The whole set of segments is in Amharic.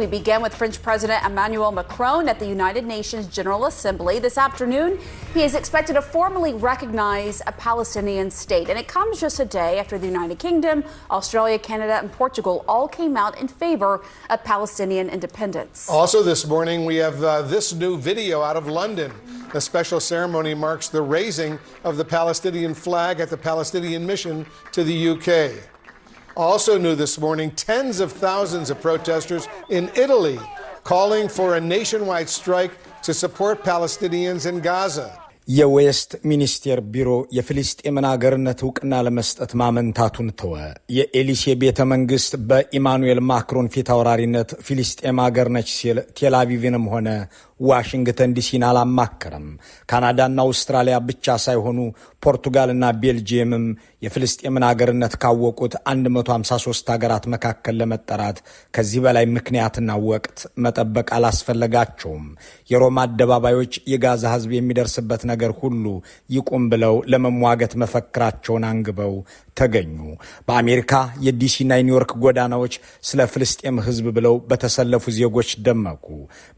We began with French President Emmanuel Macron at the United Nations General Assembly this afternoon. He is expected to formally recognize a Palestinian state, and it comes just a day after the United Kingdom, Australia, Canada, and Portugal all came out in favor of Palestinian independence. Also, this morning, we have uh, this new video out of London. The special ceremony marks the raising of the Palestinian flag at the Palestinian mission to the UK. Also, new this morning, tens of thousands of protesters in Italy calling for a nationwide strike to support Palestinians in Gaza. የዌስት ሚኒስቴር ቢሮ የፍልስጤምን አገርነት እውቅና ለመስጠት ማመንታቱን ተወ። የኤሊሴ ቤተ መንግስት በኢማኑኤል ማክሮን ፊት አውራሪነት ፊልስጤም አገር ነች ሲል ቴልአቪቭንም ሆነ ዋሽንግተን ዲሲን አላማከረም። ካናዳና አውስትራሊያ ብቻ ሳይሆኑ ፖርቱጋልና ቤልጅየምም የፍልስጤምን አገርነት ካወቁት 153 ሀገራት መካከል ለመጠራት ከዚህ በላይ ምክንያትና ወቅት መጠበቅ አላስፈለጋቸውም። የሮማ አደባባዮች የጋዛ ሕዝብ የሚደርስበት ነገር ሁሉ ይቁም ብለው ለመሟገት መፈክራቸውን አንግበው ተገኙ። በአሜሪካ የዲሲና የኒውዮርክ ጎዳናዎች ስለ ፍልስጤም ሕዝብ ብለው በተሰለፉ ዜጎች ደመቁ።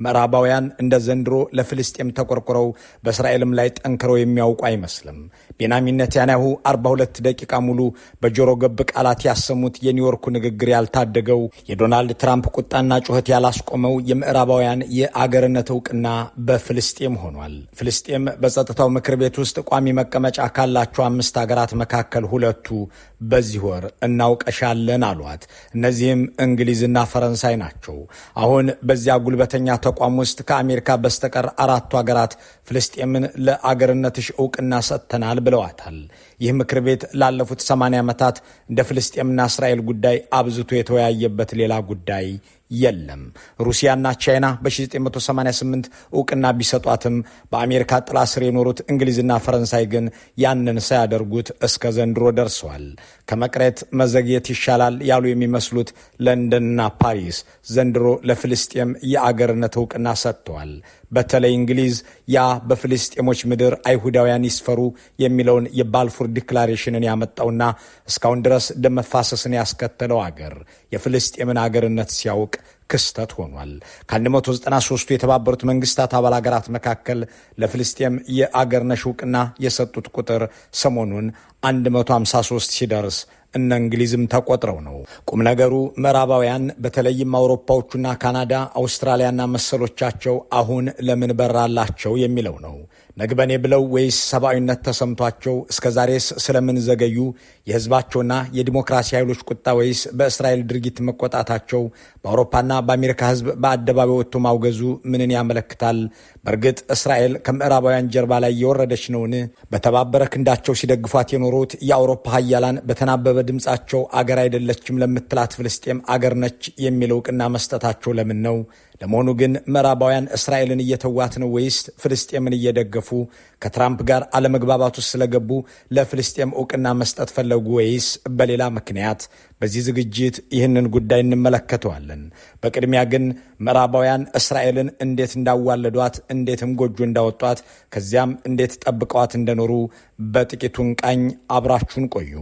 ምዕራባውያን እንደ እንደ ዘንድሮ ለፍልስጤም ተቆርቁረው በእስራኤልም ላይ ጠንክረው የሚያውቁ አይመስልም። ቤንያሚን ኔታንያሁ 42 ደቂቃ ሙሉ በጆሮ ገብ ቃላት ያሰሙት የኒውዮርኩ ንግግር ያልታደገው የዶናልድ ትራምፕ ቁጣና ጩኸት ያላስቆመው የምዕራባውያን የአገርነት እውቅና በፍልስጤም ሆኗል። ፍልስጤም በጸጥታው ምክር ቤት ውስጥ ቋሚ መቀመጫ ካላቸው አምስት ሀገራት መካከል ሁለቱ በዚህ ወር እናውቀሻለን አሏት። እነዚህም እንግሊዝና ፈረንሳይ ናቸው። አሁን በዚያ ጉልበተኛ ተቋም ውስጥ ከአሜሪካ አሜሪካ በስተቀር አራቱ ሀገራት ፍልስጤምን ለአገርነትሽ እውቅና ሰጥተናል ብለዋታል። ይህ ምክር ቤት ላለፉት 80 ዓመታት እንደ ፍልስጤምና እስራኤል ጉዳይ አብዝቶ የተወያየበት ሌላ ጉዳይ የለም። ሩሲያና ቻይና በ1988 እውቅና ቢሰጧትም በአሜሪካ ጥላ ስር የኖሩት እንግሊዝና ፈረንሳይ ግን ያንን ሳያደርጉት እስከ ዘንድሮ ደርሰዋል። ከመቅረት መዘግየት ይሻላል ያሉ የሚመስሉት ለንደንና ፓሪስ ዘንድሮ ለፍልስጤም የአገርነት እውቅና ሰጥተዋል። በተለይ እንግሊዝ ያ በፍልስጤሞች ምድር አይሁዳውያን ይስፈሩ የሚለውን የባልፉር ዲክላሬሽንን ያመጣውና እስካሁን ድረስ ደም መፋሰስን ያስከተለው አገር የፍልስጤምን አገርነት ሲያውቅ ክስተት ሆኗል። ከ193ቱ የተባበሩት መንግስታት አባል አገራት መካከል ለፍልስጤም የአገርነሽ እውቅና የሰጡት ቁጥር ሰሞኑን 153 ሲደርስ እና እንግሊዝም ተቆጥረው ነው። ቁም ነገሩ ምዕራባውያን በተለይም አውሮፓዎቹና ካናዳ፣ አውስትራሊያና መሰሎቻቸው አሁን ለምን በራላቸው የሚለው ነው። ነግበኔ ብለው ወይስ ሰብአዊነት ተሰምቷቸው እስከዛሬስ ስለምን ዘገዩ? የህዝባቸውና የዲሞክራሲ ኃይሎች ቁጣ ወይስ በእስራኤል ድርጊት መቆጣታቸው? በአውሮፓና በአሜሪካ ህዝብ በአደባባይ ወጥቶ ማውገዙ ምንን ያመለክታል? በእርግጥ እስራኤል ከምዕራባውያን ጀርባ ላይ የወረደች ነውን? በተባበረ ክንዳቸው ሲደግፏት የኖሩት የአውሮፓ ሀያላን በተናበበ ድምፃቸው አገር አይደለችም ለምትላት ፍልስጤም አገር ነች የሚል እውቅና መስጠታቸው ለምን ነው? ለመሆኑ ግን ምዕራባውያን እስራኤልን እየተዋት ነው ወይስ ፍልስጤምን እየደገፉ ስለደገፉ፣ ከትራምፕ ጋር አለመግባባት ውስጥ ስለገቡ ለፍልስጤም እውቅና መስጠት ፈለጉ ወይስ በሌላ ምክንያት? በዚህ ዝግጅት ይህንን ጉዳይ እንመለከተዋለን። በቅድሚያ ግን ምዕራባውያን እስራኤልን እንዴት እንዳዋለዷት፣ እንዴትም ጎጆ እንዳወጧት፣ ከዚያም እንዴት ጠብቀዋት እንደኖሩ በጥቂቱን ቃኝ። አብራችሁን ቆዩ።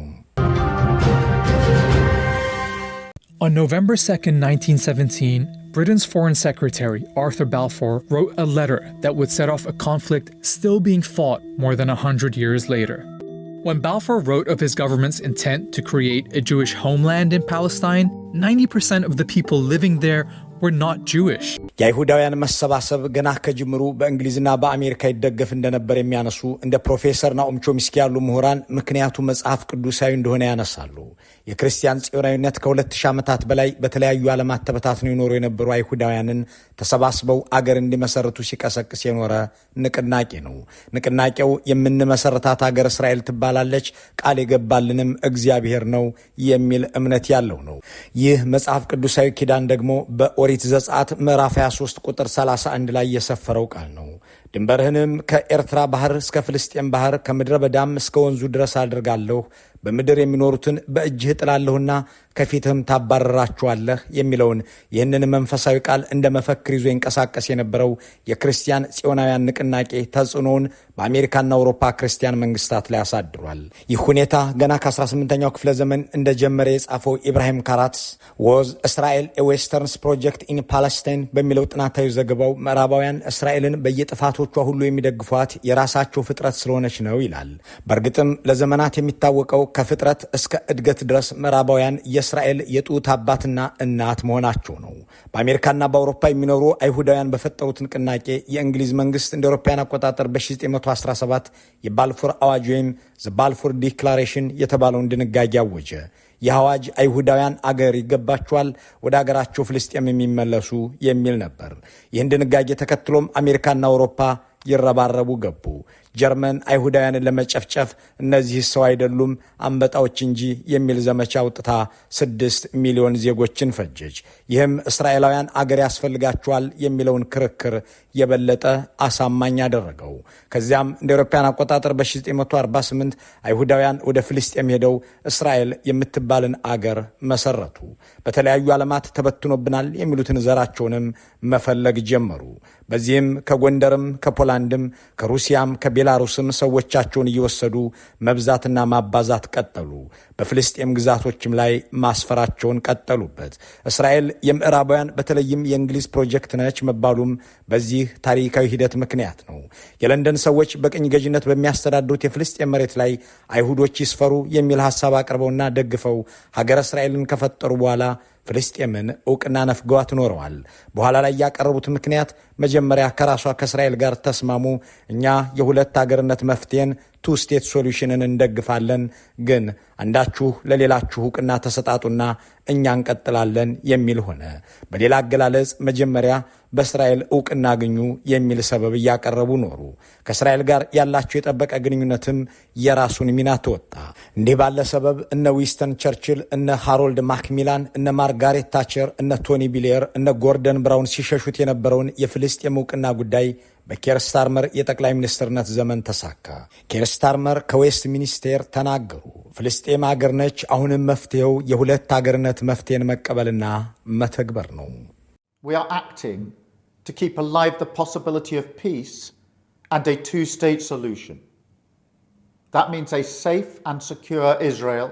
On November 2 1917, Britain's Foreign Secretary Arthur Balfour wrote a letter that would set off a conflict still being fought more than 100 years later. When Balfour wrote of his government's intent to create a Jewish homeland in Palestine, 90% of the people living there የአይሁዳውያን መሰባሰብ ገና ከጅምሩ በእንግሊዝና በአሜሪካ ይደገፍ እንደነበር የሚያነሱ እንደ ፕሮፌሰር ናኦም ቾምስኪ ያሉ ምሁራን ምክንያቱ መጽሐፍ ቅዱሳዊ እንደሆነ ያነሳሉ። የክርስቲያን ጽዮናዊነት ከሁለት ሺህ ዓመታት በላይ በተለያዩ ዓለማት ተበታትነው ይኖሩ የነበሩ አይሁዳውያንን ተሰባስበው አገር እንዲመሰርቱ ሲቀሰቅስ የኖረ ንቅናቄ ነው። ንቅናቄው የምንመሰረታት አገር እስራኤል ትባላለች፣ ቃል የገባልንም እግዚአብሔር ነው የሚል እምነት ያለው ነው። ይህ መጽሐፍ ቅዱሳዊ ኪዳን ደግሞ በኦሪ ኦሪት ዘጸአት ምዕራፍ 23 ቁጥር 31 ላይ የሰፈረው ቃል ነው። ድንበርህንም ከኤርትራ ባህር እስከ ፍልስጤም ባህር ከምድረ በዳም እስከ ወንዙ ድረስ አድርጋለሁ፣ በምድር የሚኖሩትን በእጅህ እጥላለሁና ከፊትህም ታባረራችኋለህ የሚለውን ይህንን መንፈሳዊ ቃል እንደ መፈክር ይዞ ይንቀሳቀስ የነበረው የክርስቲያን ጽዮናውያን ንቅናቄ ተጽዕኖውን በአሜሪካና አውሮፓ ክርስቲያን መንግስታት ላይ አሳድሯል። ይህ ሁኔታ ገና ከ18ኛው ክፍለ ዘመን እንደጀመረ የጻፈው ኢብራሂም ካራትስ ወዝ እስራኤል የዌስተርንስ ፕሮጀክት ኢን ፓለስታይን በሚለው ጥናታዊ ዘገባው ምዕራባውያን እስራኤልን በየጥፋቶቿ ሁሉ የሚደግፏት የራሳቸው ፍጥረት ስለሆነች ነው ይላል። በእርግጥም ለዘመናት የሚታወቀው ከፍጥረት እስከ እድገት ድረስ ምዕራባውያን የ የእስራኤል የጡት አባትና እናት መሆናቸው ነው። በአሜሪካና በአውሮፓ የሚኖሩ አይሁዳውያን በፈጠሩት ንቅናቄ የእንግሊዝ መንግስት እንደ አውሮፓውያን አቆጣጠር በ1917 የባልፎር አዋጅ ወይም ዘባልፎር ዲክላሬሽን የተባለውን ድንጋጌ አወጀ። ይህ አዋጅ አይሁዳውያን አገር ይገባቸዋል፣ ወደ አገራቸው ፍልስጤም የሚመለሱ የሚል ነበር። ይህን ድንጋጌ ተከትሎም አሜሪካና አውሮፓ ይረባረቡ ገቡ። ጀርመን አይሁዳውያንን ለመጨፍጨፍ እነዚህ ሰው አይደሉም አንበጣዎች እንጂ የሚል ዘመቻ አውጥታ ስድስት ሚሊዮን ዜጎችን ፈጀች። ይህም እስራኤላውያን አገር ያስፈልጋቸዋል የሚለውን ክርክር የበለጠ አሳማኝ አደረገው። ከዚያም እንደ አውሮፓውያን አቆጣጠር በ1948 አይሁዳውያን ወደ ፍልስጤም ሄደው እስራኤል የምትባልን አገር መሰረቱ። በተለያዩ ዓለማት ተበትኖብናል የሚሉትን ዘራቸውንም መፈለግ ጀመሩ። በዚህም ከጎንደርም፣ ከፖላንድም፣ ከሩሲያም ከቤ ቤላሩስም ሰዎቻቸውን እየወሰዱ መብዛትና ማባዛት ቀጠሉ። በፍልስጤም ግዛቶችም ላይ ማስፈራቸውን ቀጠሉበት። እስራኤል የምዕራባውያን በተለይም የእንግሊዝ ፕሮጀክት ነች መባሉም በዚህ ታሪካዊ ሂደት ምክንያት ነው። የለንደን ሰዎች በቅኝ ገዥነት በሚያስተዳድሩት የፍልስጤም መሬት ላይ አይሁዶች ይስፈሩ የሚል ሀሳብ አቅርበውና ደግፈው ሀገረ እስራኤልን ከፈጠሩ በኋላ ፍልስጤምን እውቅና ነፍገዋ ትኖረዋል። በኋላ ላይ ያቀረቡት ምክንያት መጀመሪያ ከራሷ ከእስራኤል ጋር ተስማሙ፣ እኛ የሁለት አገርነት መፍትሄን ቱ ስቴት ሶሉሽንን እንደግፋለን፣ ግን አንዳችሁ ለሌላችሁ እውቅና ተሰጣጡና እኛ እንቀጥላለን የሚል ሆነ። በሌላ አገላለጽ መጀመሪያ በእስራኤል እውቅና አግኙ የሚል ሰበብ እያቀረቡ ኖሩ። ከእስራኤል ጋር ያላቸው የጠበቀ ግንኙነትም የራሱን ሚና ተወጣ። እንዲህ ባለ ሰበብ እነ ዊንስተን ቸርችል፣ እነ ሃሮልድ ማክሚላን፣ እነ ማርጋሬት ታቸር፣ እነ ቶኒ ቢሌየር እነ ጎርደን ብራውን ሲሸሹት የነበረውን የፍልስጤም እውቅና ጉዳይ We are acting to keep alive the possibility of peace and a two-state solution. That means a safe and secure Israel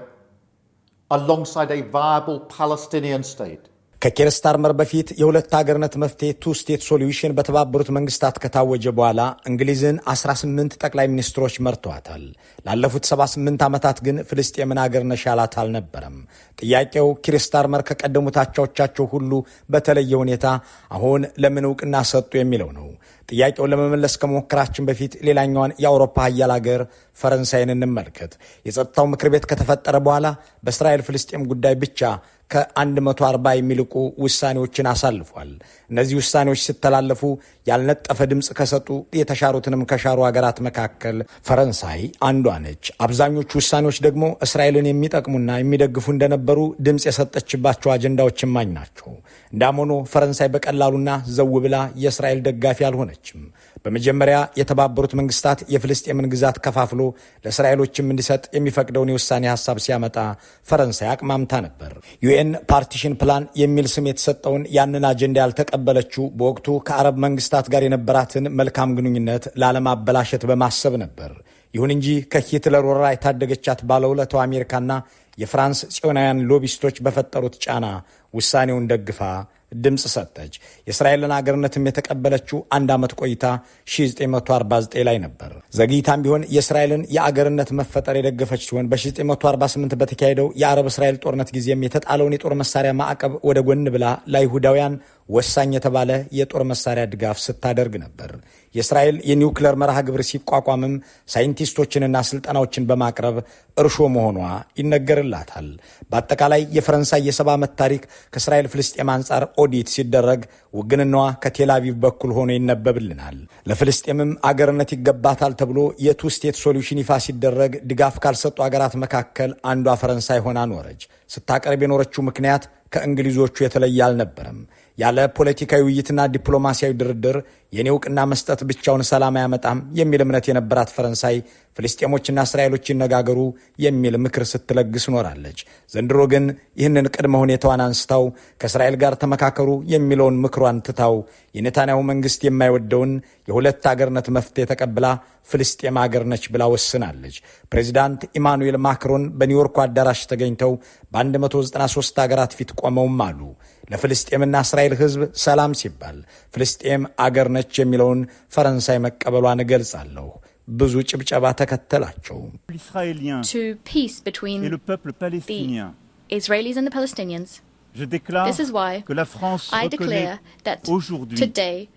alongside a viable Palestinian state. ከኬር ስታርመር በፊት የሁለት ሀገርነት መፍትሄ ቱ ስቴት ሶሉሽን በተባበሩት መንግስታት ከታወጀ በኋላ እንግሊዝን 18 ጠቅላይ ሚኒስትሮች መርተዋታል። ላለፉት 78 ዓመታት ግን ፍልስጤምን አገር ነሻላት አልነበረም። ጥያቄው ኪር ስታርመር ከቀደሙት አቻዎቻቸው ሁሉ በተለየ ሁኔታ አሁን ለምን እውቅና ሰጡ የሚለው ነው። ጥያቄውን ለመመለስ ከመሞከራችን በፊት ሌላኛዋን የአውሮፓ ሀያል ሀገር ፈረንሳይን እንመልከት። የጸጥታው ምክር ቤት ከተፈጠረ በኋላ በእስራኤል ፍልስጤም ጉዳይ ብቻ ከ140 የሚልቁ ውሳኔዎችን አሳልፏል። እነዚህ ውሳኔዎች ሲተላለፉ ያልነጠፈ ድምፅ ከሰጡ የተሻሩትንም ከሻሩ ሀገራት መካከል ፈረንሳይ አንዷ ነች። አብዛኞቹ ውሳኔዎች ደግሞ እስራኤልን የሚጠቅሙና የሚደግፉ እንደነበሩ ድምፅ የሰጠችባቸው አጀንዳዎች እማኝ ናቸው። እንዳም ሆኖ ፈረንሳይ በቀላሉና ዘው ብላ የእስራኤል ደጋፊ አልሆነች። አልቻለችም። በመጀመሪያ የተባበሩት መንግስታት የፍልስጤምን ግዛት ከፋፍሎ ለእስራኤሎችም እንዲሰጥ የሚፈቅደውን የውሳኔ ሀሳብ ሲያመጣ ፈረንሳይ አቅማምታ ነበር። ዩኤን ፓርቲሽን ፕላን የሚል ስም የተሰጠውን ያንን አጀንዳ ያልተቀበለችው በወቅቱ ከአረብ መንግስታት ጋር የነበራትን መልካም ግንኙነት ላለማበላሸት በማሰብ ነበር። ይሁን እንጂ ከሂትለር ወረራ የታደገቻት ባለውለታው አሜሪካና የፍራንስ ጽዮናውያን ሎቢስቶች በፈጠሩት ጫና ውሳኔውን ደግፋ ድምፅ ሰጠች። የእስራኤልን አገርነትም የተቀበለችው አንድ ዓመት ቆይታ 1949 ላይ ነበር። ዘግይታም ቢሆን የእስራኤልን የአገርነት መፈጠር የደገፈች ሲሆን በ1948 በተካሄደው የአረብ እስራኤል ጦርነት ጊዜም የተጣለውን የጦር መሳሪያ ማዕቀብ ወደ ጎን ብላ ለአይሁዳውያን ወሳኝ የተባለ የጦር መሳሪያ ድጋፍ ስታደርግ ነበር። የእስራኤል የኒውክለር መርሃ ግብር ሲቋቋምም ሳይንቲስቶችንና ስልጠናዎችን በማቅረብ እርሾ መሆኗ ይነገርላታል። በአጠቃላይ የፈረንሳይ የሰባ ዓመት ታሪክ ከእስራኤል ፍልስጤም አንጻር ኦዲት ሲደረግ ውግንናዋ ከቴላቪቭ በኩል ሆኖ ይነበብልናል። ለፍልስጤምም አገርነት ይገባታል ተብሎ የቱ ስቴት ሶሉሽን ይፋ ሲደረግ ድጋፍ ካልሰጡ አገራት መካከል አንዷ ፈረንሳይ ሆና ኖረች። ስታቀርብ የኖረችው ምክንያት ከእንግሊዞቹ የተለየ አልነበረም። ያለ ፖለቲካዊ ውይይትና ዲፕሎማሲያዊ ድርድር የኔ እውቅና መስጠት ብቻውን ሰላም አያመጣም የሚል እምነት የነበራት ፈረንሳይ ፍልስጤሞችና እስራኤሎች ይነጋገሩ የሚል ምክር ስትለግስ ኖራለች። ዘንድሮ ግን ይህንን ቅድመ ሁኔታዋን አንስተው ከእስራኤል ጋር ተመካከሩ የሚለውን ምክሯን ትታው የኔታንያሁ መንግስት የማይወደውን የሁለት አገርነት መፍትሄ ተቀብላ ፍልስጤም አገር ነች ብላ ወስናለች። ፕሬዚዳንት ኢማኑኤል ማክሮን በኒውዮርኩ አዳራሽ ተገኝተው በ193 አገራት ፊት ቆመውም አሉ። ለፍልስጤምና እስራኤል ሕዝብ ሰላም ሲባል ፍልስጤም አገር ነች የሚለውን ፈረንሳይ መቀበሏን እገልጻለሁ። ብዙ ጭብጨባ ተከተላቸው። ፒስ ቢትዊን ዘ ኢስራኤሊስ ኤንድ ዘ ፓለስቲኒያንስ Je déclare que la France reconnaît aujourd'hui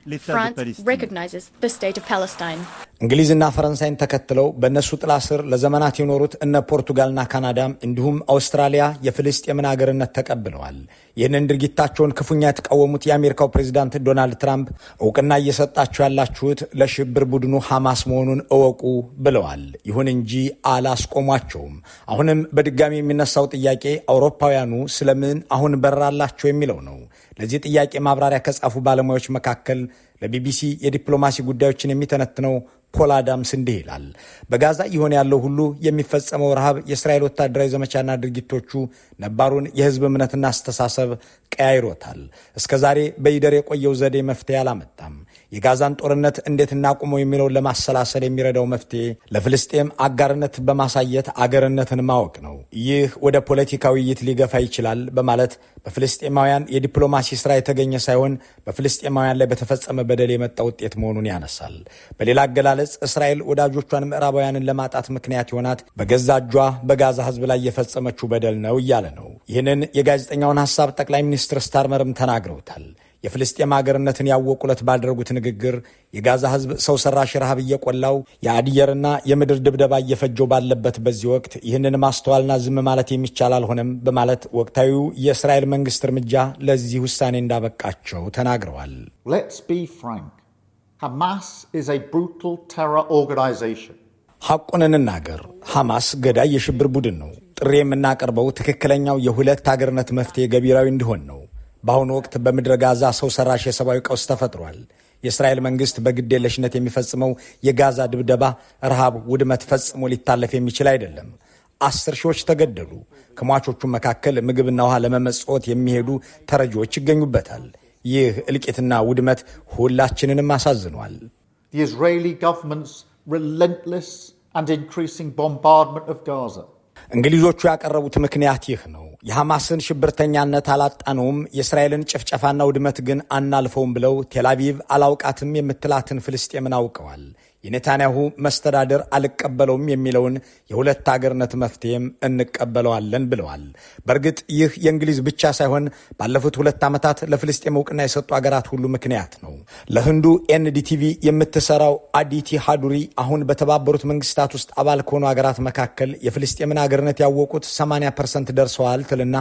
l'État de Palestine. እንግሊዝና ፈረንሳይን ተከትለው በእነሱ ጥላ ስር ለዘመናት የኖሩት እነ ፖርቱጋልና ካናዳም እንዲሁም አውስትራሊያ የፍልስጤምን አገርነት ተቀብለዋል። ይህንን ድርጊታቸውን ክፉኛ የተቃወሙት የአሜሪካው ፕሬዚዳንት ዶናልድ ትራምፕ እውቅና እየሰጣችሁ ያላችሁት ለሽብር ቡድኑ ሐማስ መሆኑን እወቁ ብለዋል። ይሁን እንጂ አላስቆሟቸውም። አሁንም በድጋሚ የሚነሳው ጥያቄ አውሮፓውያኑ ስለምን አሁን በራላቸው የሚለው ነው። ለዚህ ጥያቄ ማብራሪያ ከጻፉ ባለሙያዎች መካከል ለቢቢሲ የዲፕሎማሲ ጉዳዮችን የሚተነትነው ፖል አዳምስ እንዲህ ይላል። በጋዛ እየሆነ ያለው ሁሉ የሚፈጸመው ረሃብ፣ የእስራኤል ወታደራዊ ዘመቻና ድርጊቶቹ ነባሩን የህዝብ እምነትና አስተሳሰብ ቀያይሮታል። እስከዛሬ ዛሬ በይደር የቆየው ዘዴ መፍትሄ አላመጣም። የጋዛን ጦርነት እንዴት እናቁመው የሚለውን ለማሰላሰል የሚረዳው መፍትሄ ለፍልስጤም አጋርነት በማሳየት አገርነትን ማወቅ ነው። ይህ ወደ ፖለቲካዊ ውይይት ሊገፋ ይችላል በማለት በፍልስጤማውያን የዲፕሎማሲ ስራ የተገኘ ሳይሆን በፍልስጤማውያን ላይ በተፈጸመ በደል የመጣ ውጤት መሆኑን ያነሳል። በሌላ አገላለጽ እስራኤል ወዳጆቿን ምዕራባውያንን ለማጣት ምክንያት የሆናት በገዛ እጇ በጋዛ ሕዝብ ላይ የፈጸመችው በደል ነው እያለ ነው። ይህንን የጋዜጠኛውን ሀሳብ ጠቅላይ ሚኒስትር ስታርመርም ተናግረውታል። የፍልስጤም አገርነትን ያወቁለት ባደረጉት ንግግር የጋዛ ህዝብ ሰው ሰራሽ ረሃብ እየቆላው የአድየርና የምድር ድብደባ እየፈጀው ባለበት በዚህ ወቅት ይህንን ማስተዋልና ዝም ማለት የሚቻል አልሆነም በማለት ወቅታዊ የእስራኤል መንግስት እርምጃ ለዚህ ውሳኔ እንዳበቃቸው ተናግረዋል። ሐቁን እንናገር፣ ሐማስ ገዳይ የሽብር ቡድን ነው። ጥሪ የምናቀርበው ትክክለኛው የሁለት አገርነት መፍትሄ ገቢራዊ እንዲሆን ነው። በአሁኑ ወቅት በምድረ ጋዛ ሰው ሰራሽ የሰብአዊ ቀውስ ተፈጥሯል። የእስራኤል መንግስት የለሽነት የሚፈጽመው የጋዛ ድብደባ፣ ረሃብ፣ ውድመት ፈጽሞ ሊታለፍ የሚችል አይደለም። አስር ሺዎች ተገደሉ። ከሟቾቹ መካከል ምግብና ውሃ ለመመጽወት የሚሄዱ ተረጂዎች ይገኙበታል። ይህ እልቂትና ውድመት ሁላችንንም አሳዝኗል። The Israeli government's relentless and እንግሊዞቹ ያቀረቡት ምክንያት ይህ ነው። የሐማስን ሽብርተኛነት አላጣነውም፣ የእስራኤልን ጭፍጨፋና ውድመት ግን አናልፈውም ብለው ቴላቪቭ አላውቃትም የምትላትን ፍልስጤምን አውቀዋል። የኔታንያሁ መስተዳደር አልቀበለውም የሚለውን የሁለት አገርነት መፍትሄም እንቀበለዋለን ብለዋል። በእርግጥ ይህ የእንግሊዝ ብቻ ሳይሆን ባለፉት ሁለት ዓመታት ለፍልስጤም እውቅና የሰጡ አገራት ሁሉ ምክንያት ነው። ለህንዱ ኤንዲቲቪ የምትሰራው አዲቲ ሃዱሪ አሁን በተባበሩት መንግስታት ውስጥ አባል ከሆኑ አገራት መካከል የፍልስጤምን አገርነት ያወቁት 80 ፐርሰንት ደርሰዋል ትልና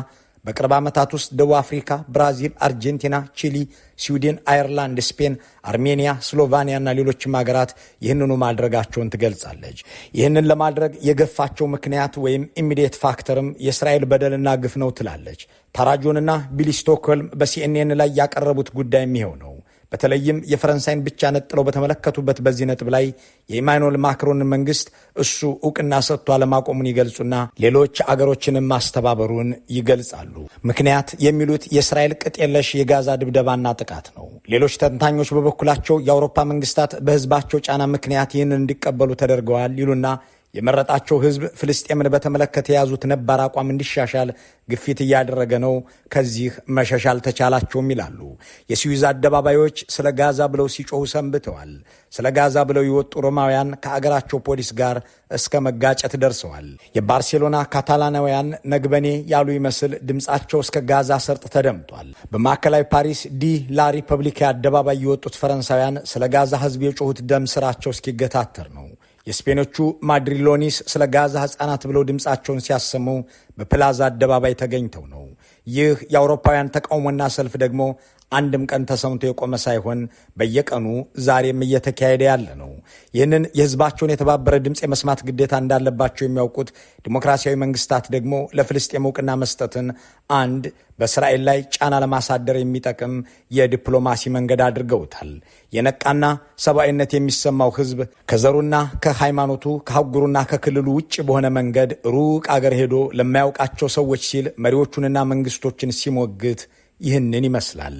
በቅርብ ዓመታት ውስጥ ደቡብ አፍሪካ፣ ብራዚል፣ አርጀንቲና፣ ቺሊ፣ ስዊድን፣ አየርላንድ፣ ስፔን፣ አርሜኒያ፣ ና ሌሎችም ሀገራት ይህንኑ ማድረጋቸውን ትገልጻለች። ይህንን ለማድረግ የገፋቸው ምክንያት ወይም ኢሚዲየት ፋክተርም የእስራኤል በደልና ግፍ ነው ትላለች። ታራጆንና ቢሊ ስቶክሆልም በሲኤንኤን ላይ ያቀረቡት ጉዳይ የሚሆነው በተለይም የፈረንሳይን ብቻ ነጥለው በተመለከቱበት በዚህ ነጥብ ላይ የኢማኑኤል ማክሮን መንግስት እሱ እውቅና ሰጥቶ አለማቆሙን ይገልጹና ሌሎች አገሮችንም ማስተባበሩን ይገልጻሉ። ምክንያት የሚሉት የእስራኤል ቅጥ የለሽ የጋዛ ድብደባና ጥቃት ነው። ሌሎች ተንታኞች በበኩላቸው የአውሮፓ መንግስታት በህዝባቸው ጫና ምክንያት ይህንን እንዲቀበሉ ተደርገዋል ይሉና የመረጣቸው ህዝብ ፍልስጤምን በተመለከተ የያዙት ነባር አቋም እንዲሻሻል ግፊት እያደረገ ነው። ከዚህ መሸሽ አልተቻላቸውም ይላሉ። የስዊዝ አደባባዮች ስለ ጋዛ ብለው ሲጮሁ ሰንብተዋል። ስለ ጋዛ ብለው የወጡ ሮማውያን ከአገራቸው ፖሊስ ጋር እስከ መጋጨት ደርሰዋል። የባርሴሎና ካታላናውያን ነግበኔ ያሉ ይመስል ድምፃቸው እስከ ጋዛ ሰርጥ ተደምጧል። በማዕከላዊ ፓሪስ ዲ ላ ሪፐብሊካ አደባባይ የወጡት ፈረንሳውያን ስለ ጋዛ ህዝብ የጮሁት ደም ስራቸው እስኪገታተር ነው። የስፔኖቹ ማድሪሎኒስ ስለ ጋዛ ሕፃናት ብለው ድምፃቸውን ሲያሰሙ በፕላዛ አደባባይ ተገኝተው ነው። ይህ የአውሮፓውያን ተቃውሞና ሰልፍ ደግሞ አንድም ቀን ተሰምቶ የቆመ ሳይሆን በየቀኑ ዛሬም እየተካሄደ ያለ ነው። ይህንን የህዝባቸውን የተባበረ ድምፅ የመስማት ግዴታ እንዳለባቸው የሚያውቁት ዲሞክራሲያዊ መንግስታት ደግሞ ለፍልስጤም እውቅና መስጠትን አንድ በእስራኤል ላይ ጫና ለማሳደር የሚጠቅም የዲፕሎማሲ መንገድ አድርገውታል። የነቃና ሰብአዊነት የሚሰማው ህዝብ ከዘሩና ከሃይማኖቱ ከአህጉሩና ከክልሉ ውጭ በሆነ መንገድ ሩቅ አገር ሄዶ ለማያውቃቸው ሰዎች ሲል መሪዎቹንና መንግስቶችን ሲሞግት ይህንን ይመስላል።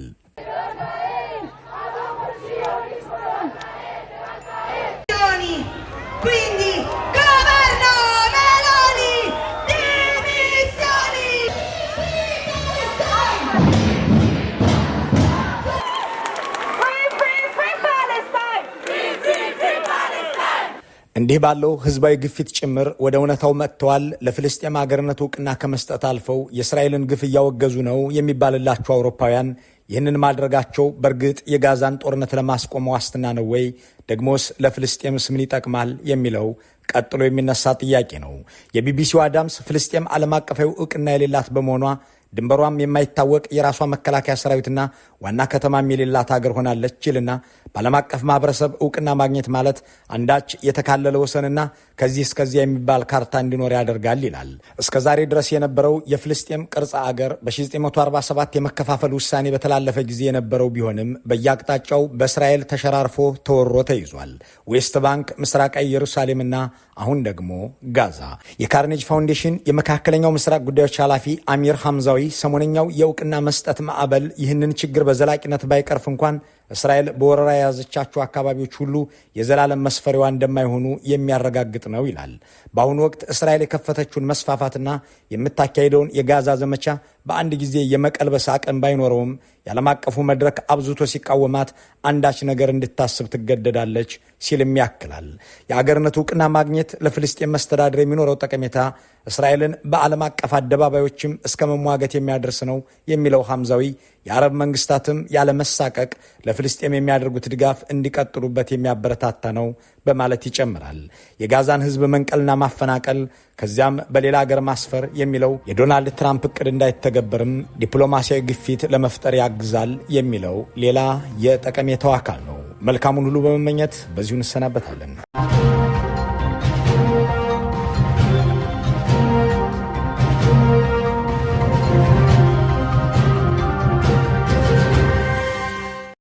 እንዲህ ባለው ህዝባዊ ግፊት ጭምር ወደ እውነታው መጥተዋል። ለፍልስጤም ሀገርነት እውቅና ከመስጠት አልፈው የእስራኤልን ግፍ እያወገዙ ነው የሚባልላቸው አውሮፓውያን ይህንን ማድረጋቸው በእርግጥ የጋዛን ጦርነት ለማስቆም ዋስትና ነው ወይ? ደግሞስ ለፍልስጤምስ ምን ይጠቅማል የሚለው ቀጥሎ የሚነሳ ጥያቄ ነው። የቢቢሲው አዳምስ ፍልስጤም ዓለም አቀፋዊ እውቅና የሌላት በመሆኗ ድንበሯም የማይታወቅ የራሷ መከላከያ ሰራዊትና ዋና ከተማም የሌላት ሀገር ሆናለች ይልና በዓለም አቀፍ ማህበረሰብ እውቅና ማግኘት ማለት አንዳች የተካለለ ወሰንና ከዚህ እስከዚያ የሚባል ካርታ እንዲኖር ያደርጋል ይላል። እስከ ዛሬ ድረስ የነበረው የፍልስጤም ቅርጸ አገር በ1947 የመከፋፈል ውሳኔ በተላለፈ ጊዜ የነበረው ቢሆንም በየአቅጣጫው በእስራኤል ተሸራርፎ ተወሮ ተይዟል። ዌስት ባንክ፣ ምስራቃዊ ኢየሩሳሌምና አሁን ደግሞ ጋዛ። የካርኔጅ ፋውንዴሽን የመካከለኛው ምስራቅ ጉዳዮች ኃላፊ አሚር ሐምዛዊ ሰሞነኛው የእውቅና መስጠት ማዕበል ይህንን ችግር በዘላቂነት ባይቀርፍ እንኳን እስራኤል በወረራ የያዘቻቸው አካባቢዎች ሁሉ የዘላለም መስፈሪዋ እንደማይሆኑ የሚያረጋግጥ ነው ይላል። በአሁኑ ወቅት እስራኤል የከፈተችውን መስፋፋትና የምታካሄደውን የጋዛ ዘመቻ በአንድ ጊዜ የመቀልበስ አቅም ባይኖረውም የዓለም አቀፉ መድረክ አብዝቶ ሲቃወማት አንዳች ነገር እንድታስብ ትገደዳለች ሲልም ያክላል። የአገርነት እውቅና ማግኘት ለፍልስጤን መስተዳድር የሚኖረው ጠቀሜታ እስራኤልን በዓለም አቀፍ አደባባዮችም እስከ መሟገት የሚያደርስ ነው የሚለው ሐምዛዊ የአረብ መንግስታትም ያለመሳቀቅ ለፍልስጤም የሚያደርጉት ድጋፍ እንዲቀጥሉበት የሚያበረታታ ነው በማለት ይጨምራል። የጋዛን ህዝብ መንቀልና ማፈናቀል ከዚያም በሌላ አገር ማስፈር የሚለው የዶናልድ ትራምፕ እቅድ እንዳይተገበርም ዲፕሎማሲያዊ ግፊት ለመፍጠር ያግዛል የሚለው ሌላ የጠቀሜታው አካል ነው። መልካሙን ሁሉ በመመኘት በዚሁ እንሰናበታለን።